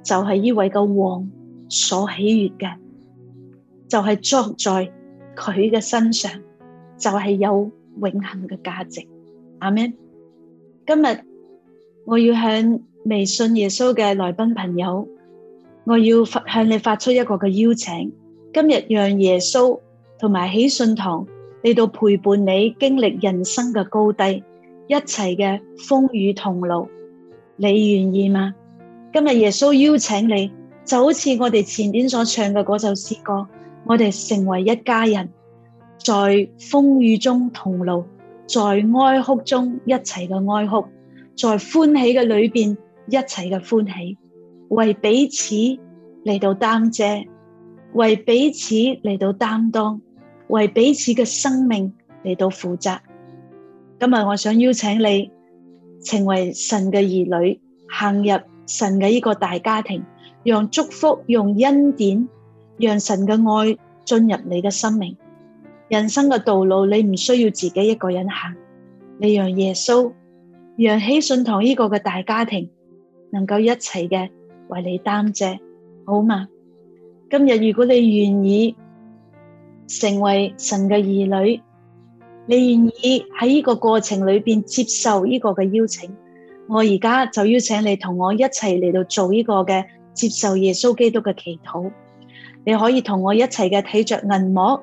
就係呢位嘅王所喜悅嘅，就係作在佢嘅身上，就係有永恆嘅價值。阿們，今日我要向未信耶穌嘅來賓朋友，我要發向你發出一個嘅邀請。今日讓耶穌同埋喜信堂嚟到陪伴你經歷人生嘅高低，一齊嘅風雨同路，你願意嗎？今日耶穌邀請你，就好似我哋前年所唱嘅嗰首詩歌，我哋成為一家人，在風雨中同路，在哀哭中一齊嘅哀哭，在歡喜嘅裏邊。一切嘅歡喜，為彼此嚟到擔遮，為彼此嚟到擔當，為彼此嘅生命嚟到負責。今日我想邀請你成為神嘅兒女，行入神嘅呢個大家庭，讓祝福，用恩典，讓神嘅愛進入你嘅生命。人生嘅道路，你唔需要自己一個人行，你讓耶穌，讓喜信堂呢個嘅大家庭能夠一齊嘅為你擔謝，好嘛？今日如果你願意成為神嘅兒女，你願意喺呢個過程裏面接受呢個嘅邀請，我而家就邀請你同我一齊嚟到做呢個嘅接受耶穌基督嘅祈禱。你可以同我一齊嘅睇着銀幕，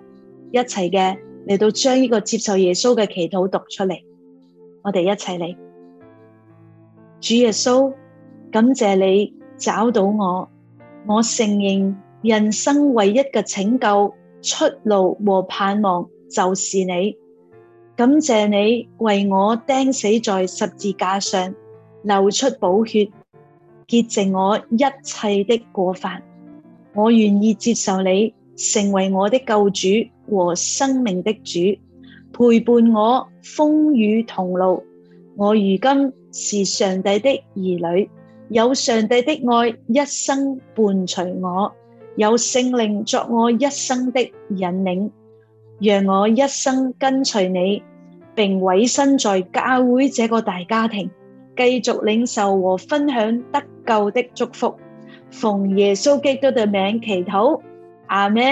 一齊嘅嚟到將呢個接受耶穌嘅祈禱讀出嚟。我哋一齊嚟，主耶穌。感謝你找到我。我承認人生唯一嘅拯救、出路和盼望就是你。感謝你為我釘死在十字架上，流出寶血，潔淨我一切的過犯。我願意接受你成為我的救主和生命的主，陪伴我風雨同路。我如今是上帝的兒女。有上帝的愛一生伴隨我，有聖靈作我一生的引領，讓我一生跟隨你，並委身在教會這個大家庭，繼續領受和分享得救的祝福。奉耶穌基督的名祈禱，阿門，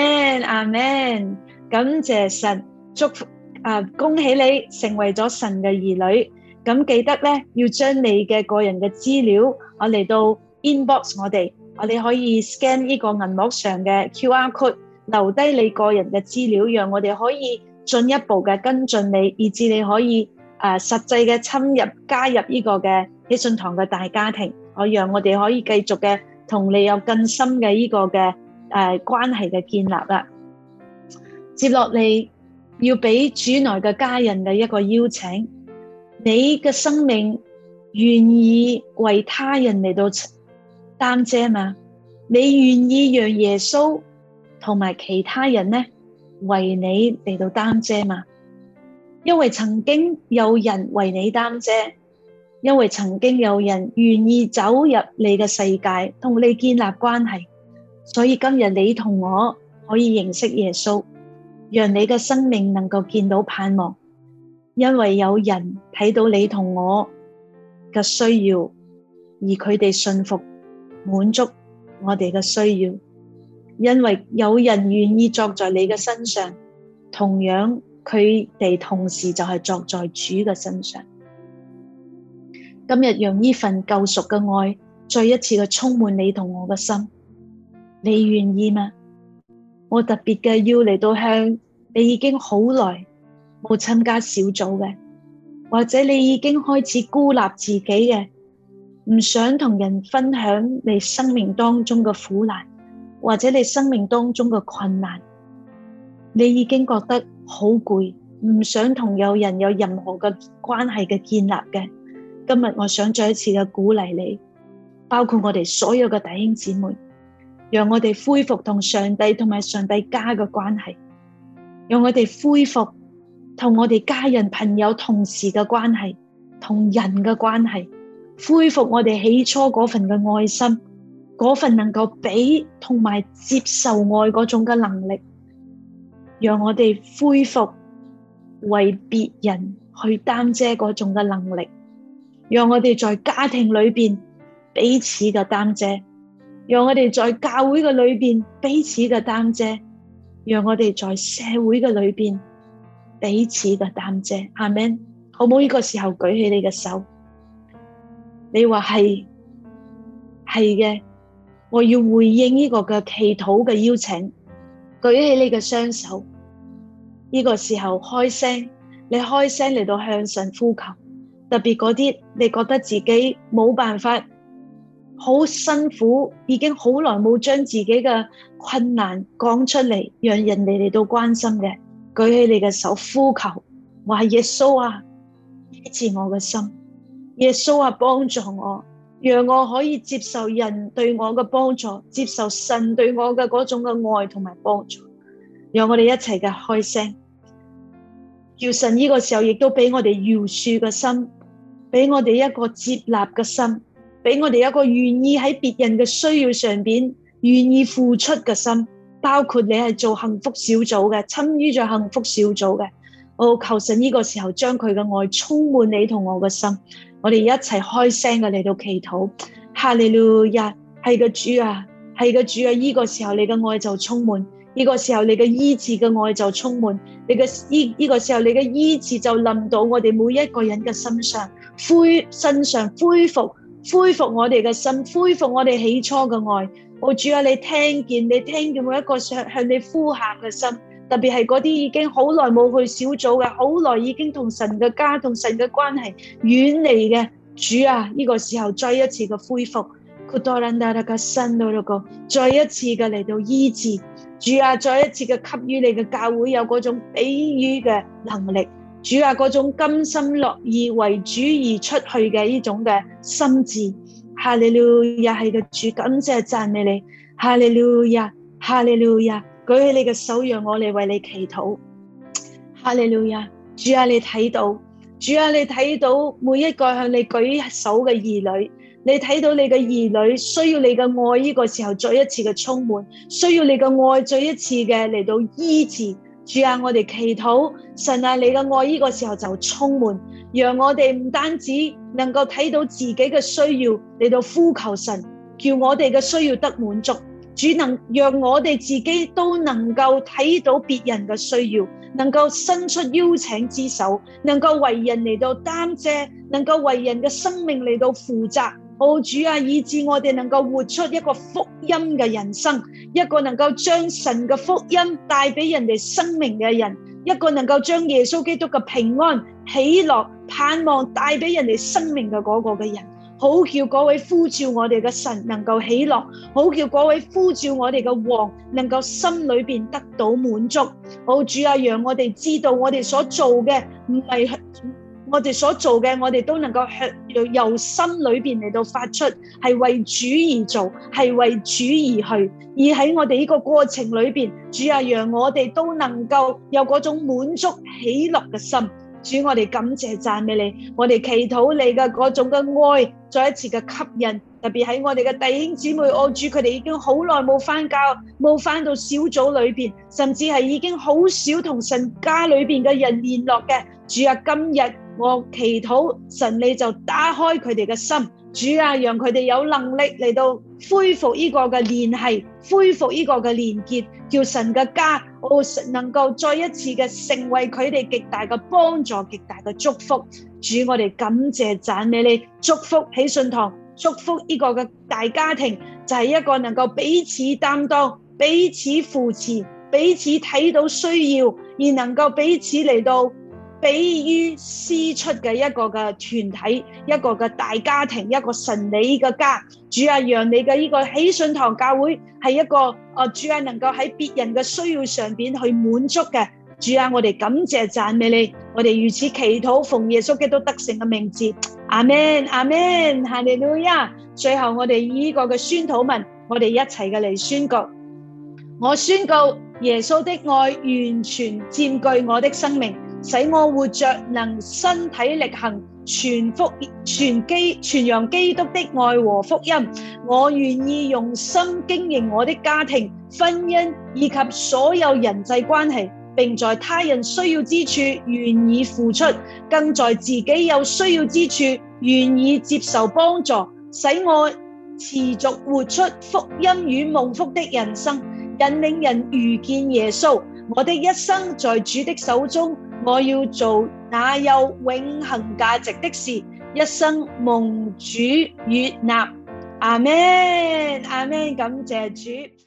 阿門。感謝神祝福，啊，恭喜你成為咗神嘅兒女。咁記得咧，要將你嘅個人嘅資料。我嚟到 inbox，我哋我哋可以 scan 呢個銀幕上嘅 QR code，留低你個人嘅資料，讓我哋可以進一步嘅跟進你，以至你可以誒、呃、實際嘅侵入加入呢個嘅喜信堂嘅大家庭，我讓我哋可以繼續嘅同你有更深嘅呢個嘅誒、呃、關係嘅建立啦。接落嚟要俾主內嘅家人嘅一個邀請，你嘅生命。願意為他人嚟到擔遮嘛？你願意讓耶穌同埋其他人呢？為你嚟到擔遮嘛？因為曾經有人為你擔遮，因為曾經有人願意走入你嘅世界，同你建立關係，所以今日你同我可以認識耶穌，讓你嘅生命能夠見到盼望。因為有人睇到你同我嘅需要，而佢哋信服滿足我哋嘅需要，因為有人願意作在你嘅身上，同樣佢哋同時就係作在主嘅身上。今日用呢份救贖嘅愛，再一次嘅充滿你同我嘅心，你願意嗎？我特別嘅要嚟到向你，已經好耐冇參加小組嘅。或者你已經開始孤立自己嘅，唔想同人分享你生命當中嘅苦難，或者你生命當中嘅困難，你已經覺得好攰，唔想同有人有任何嘅關係嘅建立嘅。今日我想再一次嘅鼓勵你，包括我哋所有嘅弟兄姊妹，讓我哋恢復同上帝同埋上帝家嘅關係，讓我哋恢復，同我哋家人、朋友、同事嘅關係，同人嘅關係，恢復我哋起初嗰份嘅愛心，嗰份能夠俾同埋接受愛嗰種嘅能力，讓我哋恢復為別人去擔遮嗰種嘅能力，讓我哋在家庭裏邊彼此嘅擔遮，讓我哋在教會嘅裏邊彼此嘅擔遮，讓我哋在社會嘅裏邊。彼此嘅擔遮，阿們好唔好呢個時候舉起你嘅手，你話係係嘅，我要回應呢個嘅祈禱嘅邀請，舉起你嘅雙手，呢個時候開聲，你開聲嚟到向神呼求，特別嗰啲你覺得自己冇辦法，好辛苦，已經好耐冇將自己嘅困難講出嚟，讓人哋嚟到關心嘅。舉起你嘅手，呼求，話耶穌啊，醫治我嘅心，耶穌啊，幫助我，讓我可以接受人對我嘅幫助，接受神對我嘅嗰種嘅愛同埋幫助，讓我哋一齊嘅開聲，叫神呢個時候亦都俾我哋饒恕嘅心，俾我哋一個接納嘅心，俾我哋一個願意喺別人嘅需要上邊，願意付出嘅心。包括你係做幸福小組嘅，參與咗幸福小組嘅，我求神呢個時候將佢嘅愛充滿你同我嘅心，我哋一齊開聲嘅嚟到祈禱，哈利路亞，係個主啊，係個主啊！呢個時候你嘅愛就充滿，呢個時候你嘅醫治嘅愛就充滿，你嘅依，呢個時候你嘅醫治就臨到我哋每一個人嘅身上，恢身上恢復恢復，我哋嘅心，恢復我哋起初嘅愛。哦、主啊，你聽見，你聽見每一個向向你呼喊嘅心，特別係嗰啲已經好耐冇去小組嘅，好耐已經同神嘅家、同神嘅關係遠離嘅，主啊，呢、這個時候再一次嘅恢復，多倫達達嘅新路個再一次嘅嚟到醫治，主啊，再一次嘅給予你嘅教會有嗰種比喻嘅能力，主啊，嗰種甘心樂意為主而出去嘅呢種嘅心智。哈利路亞，係個主，感謝讚美你。哈利路亞，哈利路亞，舉起你嘅手，讓我嚟為你祈禱。哈利路亞，主啊，你睇到，主啊，你睇到每一個向你舉手嘅兒女，你睇到你嘅兒女需要你嘅愛呢個時候，再一次嘅充滿，需要你嘅愛，再一次嘅嚟到醫治。主啊，我哋祈禱，神啊，你嘅愛呢個時候就充滿，讓我哋唔單止能夠睇到自己嘅需要嚟到呼求神，叫我哋嘅需要得滿足。主能讓我哋自己都能夠睇到別人嘅需要，能夠伸出邀請之手，能夠為人嚟到擔遮，能夠為人嘅生命嚟到負責。哦、主啊，以致我哋能夠活出一個福音嘅人生，一個能夠將神嘅福音帶俾人哋生命嘅人，一個能夠將耶穌基督嘅平安、喜樂、盼望帶俾人哋生命嘅嗰個嘅人，好叫嗰位呼召我哋嘅神能夠喜樂，好叫嗰位呼召我哋嘅王能夠心裏邊得到滿足。哦、主啊，讓我哋知道我哋所做嘅唔係。我哋所做嘅，我哋都能夠向由由心裏邊嚟到發出，係為主而做，係為主而去。而喺我哋呢個過程裏邊，主啊，讓我哋都能夠有嗰種滿足喜樂嘅心。主，我哋感謝讚美你，我哋祈禱你嘅嗰種嘅愛再一次嘅吸引，特別喺我哋嘅弟兄姊妹，我主佢哋已經好耐冇翻教，冇翻到小組裏邊，甚至係已經好少同神家裏邊嘅人聯絡嘅。主啊，今日。我祈禱神你就打開佢哋嘅心，主啊，讓佢哋有能力嚟到恢復呢個嘅聯繫，恢復呢個嘅連結，叫神嘅家我、哦、神能夠再一次嘅成為佢哋極大嘅幫助，極大嘅祝福。主，我哋感謝讚美你，你祝福喜信堂，祝福呢個嘅大家庭，就係、是、一個能夠彼此擔當、彼此扶持、彼此睇到需要而能夠彼此嚟到。俾於施出嘅一個嘅團體，一個嘅大家庭，一個神理嘅家。主啊，讓你嘅呢個喜信堂教會係一個哦，主啊，能夠喺別人嘅需要上邊去滿足嘅。主啊，我哋感謝讚美你，我哋如此祈禱，奉耶穌基督得勝嘅名字，阿門，阿門，哈利路亞。最後，我哋呢個嘅宣討文，我哋一齊嘅嚟宣告。我宣告耶穌的愛完全佔據我的生命。使我活着能身體力行傳福傳基傳揚基督的愛和福音。我願意用心經營我的家庭、婚姻以及所有人際關係，並在他人需要之處願意付出，更在自己有需要之處願意接受幫助，使我持續活出福音與蒙福的人生，引領人遇見耶穌。我的一生在主的手中。我要做那有永恆價值的事，一生蒙主悅納，阿們，阿們，感謝主。